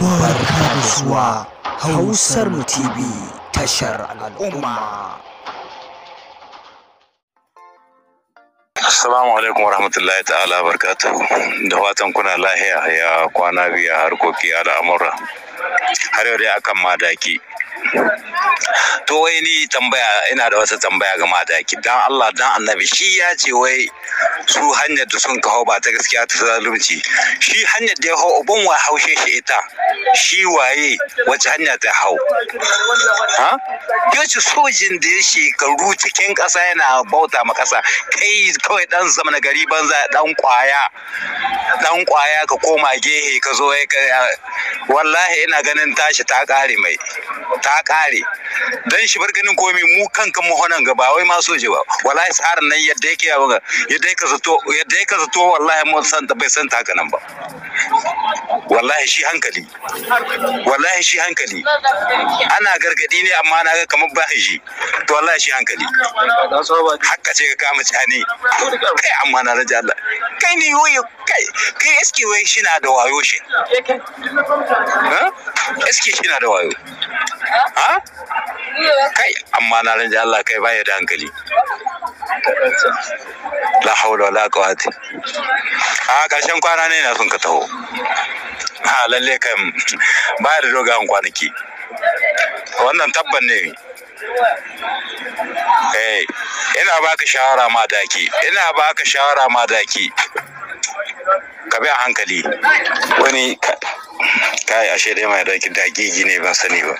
barka da zuwa hausar mu tv tashar al'umma Assalamu alaikum warahmatullahi ta'ala barkatu da watan kuna lahiya ya kwana biya harkoki al'amura har yau dai akan madaki to wai ni tambaya ina da wata tambaya ga mata ki dan Allah dan annabi shi ya ce wai su hanyar da sun kawo ba ta gaskiya ta zalunci shi hanyar da ya hau uban wa haushe shi ita shi waye wace hanya ta hau ha ce sojin da ya shekaru cikin ƙasa yana bauta ma ƙasa kai kawai dan zama na gari banza dan kwaya dan kwaya ka koma gehe ka zo wallahi ina ganin tashi ta kare mai ta kare dan shi bar ganin komi mu kanka mu honan ga ba wai ma ji ba wallahi tsarin nan yadda yake yadda yadda yake zato wallahi mun san bai san ta nan ba wallahi shi hankali wallahi shi hankali ana gargadi ne amma na ga kamar ba shi to wallahi shi hankali hakka ce ka kama cani kai amma na raja Allah kai ne yoyo kai kai eski wai shi na da wayo shi eski shi na da wayo ha kai amma na ranji Allah kai baya da hankali la haula wala quwwata a karshen kwana ne na sun ka taho ha lalle kan baya da dogayen kwanaki wannan tabban ne eh ina baka shawara ma daki ina baka shawara ma daki ka bi a hankali wani kai ashe dai mai dauki dagigi ne ban sani ba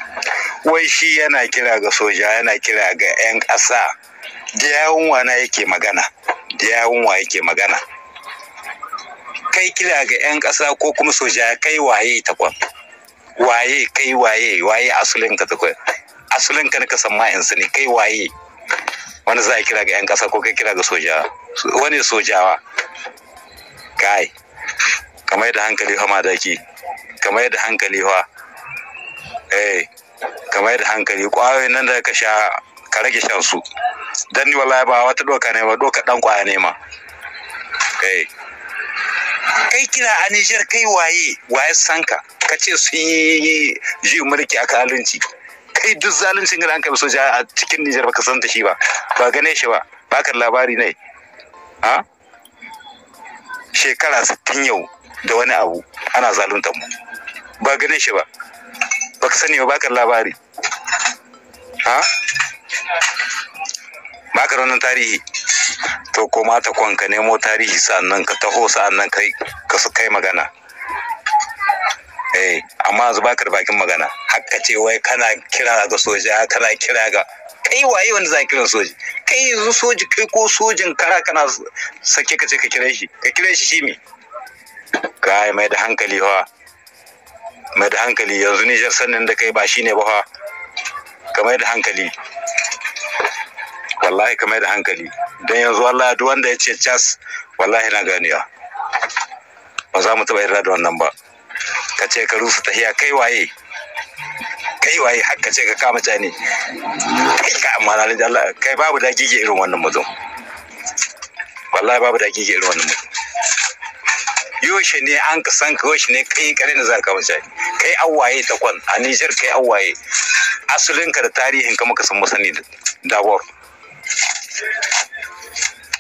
wai shi yana kira ga soja yana kira ga yan ƙasa da yawun wa yake magana da yawun wa yake magana kai kira ga yan ƙasa ko kuma soja kai waye ta kwa waye kai waye waye asulin ka ta kwa asulin ka ka san ma'in ne kai waye wani za a kira ga yan ƙasa ko kai kira ga soja wani sojawa kai kamar da hankali hama daki kamar da hankali fa eh kamar da hankali kwayoyin nan da ka sha ka rage shan su dan ni wallahi ba wata doka ne ba doka dan kwaya ne ma eh kai kina a Niger kai waye waye sanka ka ce sun yi ji mulki aka zalunci kai duk zaluncin da hankali soja a cikin Niger baka san ta shi ba ba gane shi ba baka labari ne ha shekara 60 yau da wani abu ana zaluntar mu ba ganin shi ba ba ka sani ba ba ka labari ha ba ka wannan tarihi to koma ta kwanka nemo tarihi sa'annan ka taho sa'annan kai ka su kai magana eh amma yanzu baka bakin magana hakka ce wai kana kira ga soja kana kira ga kai waye wanda za kiran soji kai yanzu soji kai ko sojin kara kana sake ka ce ka kira shi ka kira shi shi me kai mai da hankali fa mai da hankali yanzu Nijar sannin da kai ba shine ba fa ka mai da hankali wallahi ka mai da hankali don yanzu Allah duk wanda ya ce cas wallahi na ganiya ba za mu taɓa yarda da wannan ba ka ce ka rusa tahiya kai waye kai waye har ka ce ka kama jani kai ka amana da Allah kai babu da gige irin wannan mutum wallahi babu da gige irin wannan mutum yoshe ne an ka san ka yoshe ne kai kare na zaka mace kai awaye ta kwan a Niger kai awaye asulin ka da tarihin ka muka san mu sani dabor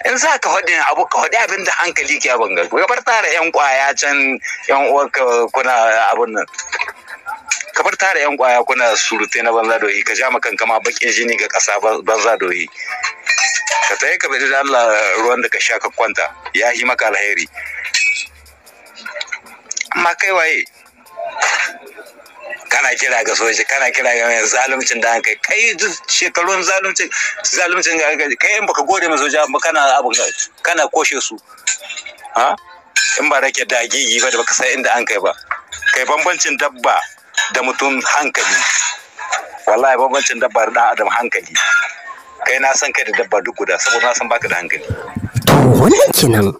in za ka hodin abu ka faɗi abin da hankali ke abin gari ka bar tara yan kwaya can yan uwarka kuna abin nan ka bar tara yan kwaya kuna surutai na banza doyi ka ja maka kama bakin jini ga ƙasa banza doyi ka tayi ka bari da Allah ruwan da ka sha ka kwanta ya yi maka alheri amma kai waye kana kira ga soji kana kira ga mai zalumcin da kai kai duk shekarun zalumcin zalumcin da kai kai in baka gode mai soja ba kana abu kana koshe su ha in ba rake da gigi ba da baka san inda an kai ba kai bambancin dabba da mutum hankali wallahi bambancin dabba da adam hankali kai na san kai da dabba duk guda saboda na san baka da hankali to wannan kenan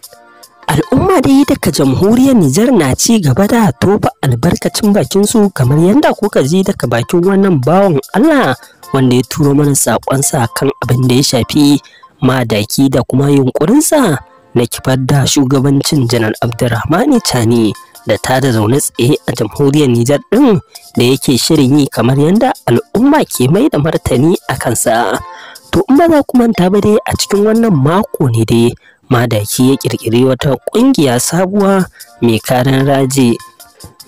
Al'umma dai daga jamhuriyar Nijar na ci gaba da tofa albarkacin bakin su kamar yadda kuka ji daga bakin wannan bawan Allah wanda ya turo mana saƙonsa kan abin da ya shafi madaki da kuma yunƙurinsa na kifar da shugabancin janar Abdurrahmani Chani da ta da zaune tsaye a jamhuriyar Nijar ɗin da yake shirin yi kamar yadda al'umma ke mai da martani a kansa. To in ba za ku manta ba dai a cikin wannan mako ne dai madaki ya ƙirƙiri wata ƙungiya sabuwa mai karan raje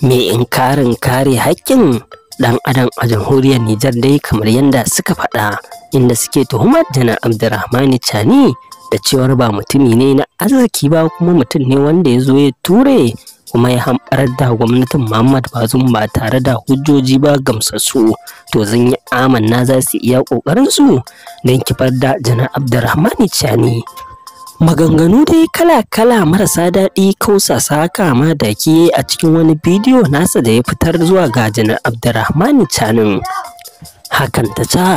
mai inkarin kare haƙƙin Dan adam a jamhuriyar Nijar dai kamar yadda suka faɗa inda suke tuhumar jana Abdurrahmani Chani da cewar ba mutumi ne na arziki ba kuma mutum ne wanda ya zo ya ture kuma ya hamɓarar da gwamnatin Muhammad Bazum ba tare da hujjoji ba gamsassu to zan yi amanna za su iya ƙoƙarinsu don kifar da jana Abdurrahmani Chani Maganganu dai kala-kala marasa daɗi kausasa haka ma daki a cikin wani bidiyo nasa da ya fitar zuwa ga janar Abdurrahman Canin. Hakan ta ca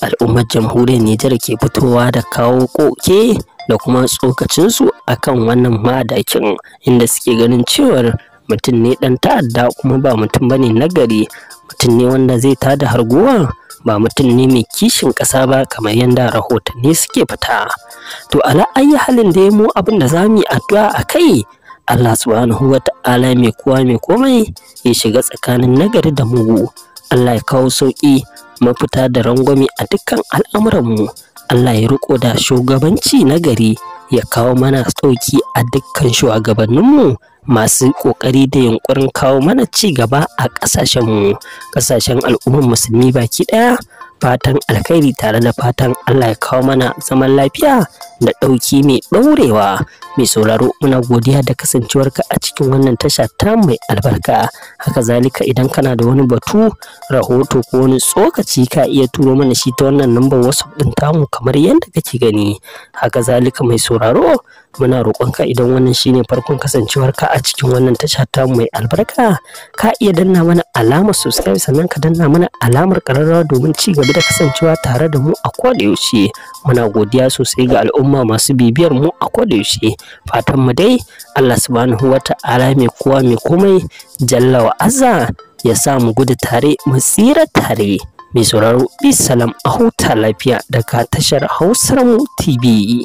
al'ummar jamhuriyar Nijar ke fitowa da kawo koke da kuma tsokacinsu a kan wannan madakin inda suke ganin cewar mutum ne ɗan ta'adda kuma ba mutum bane nagari mutum ne wanda zai tada harguwa ba mutum ne mai kishin ƙasa ba kamar yadda rahotanni suke fita. to ala ayi halin da ya mu abin da zamu yi addu'a a kai Allah subhanahu wa ta'ala mai kowa mai komai ya shiga tsakanin nagari da mu Allah ya kawo sauƙi mafita da rangwami a dukkan al'amuranmu Allah ya riko da shugabanci nagari ya kawo mana sauki a dukkan shugabanninmu masu ƙoƙari da yunkurin kawo mana ci gaba a ƙasashenmu ƙasashen al'ummar musulmi baki ɗaya fatan alkhairi tare da fatan Allah ya kawo mana zaman lafiya da ɗauki mai ɗaurewa mai sauraro muna godiya da kasancewarka a cikin wannan tasha ta mai albarka haka zalika idan kana da wani batu rahoto ko wani tsokaci ka iya turo mana shi ta wannan lambar wasu ɗin tamu kamar yadda kake gani haka zalika mai sauraro muna roƙonka idan wannan shine farkon kasancewar ka a cikin wannan tasha ta mai albarka ka iya danna mana alamar subscribe sannan ka danna mana alamar ƙararrawa domin ci gaba da kasancewa tare da mu a yaushe. muna godiya sosai ga al'umma masu bibiyar mu a yaushe. fatan mu dai Allah subhanahu wata'ala mai kowa mai komai jalla wa azza ya sa mu gudu tare mu tsira tare mai sauraro bisalam a huta lafiya daga tashar hausar mu tv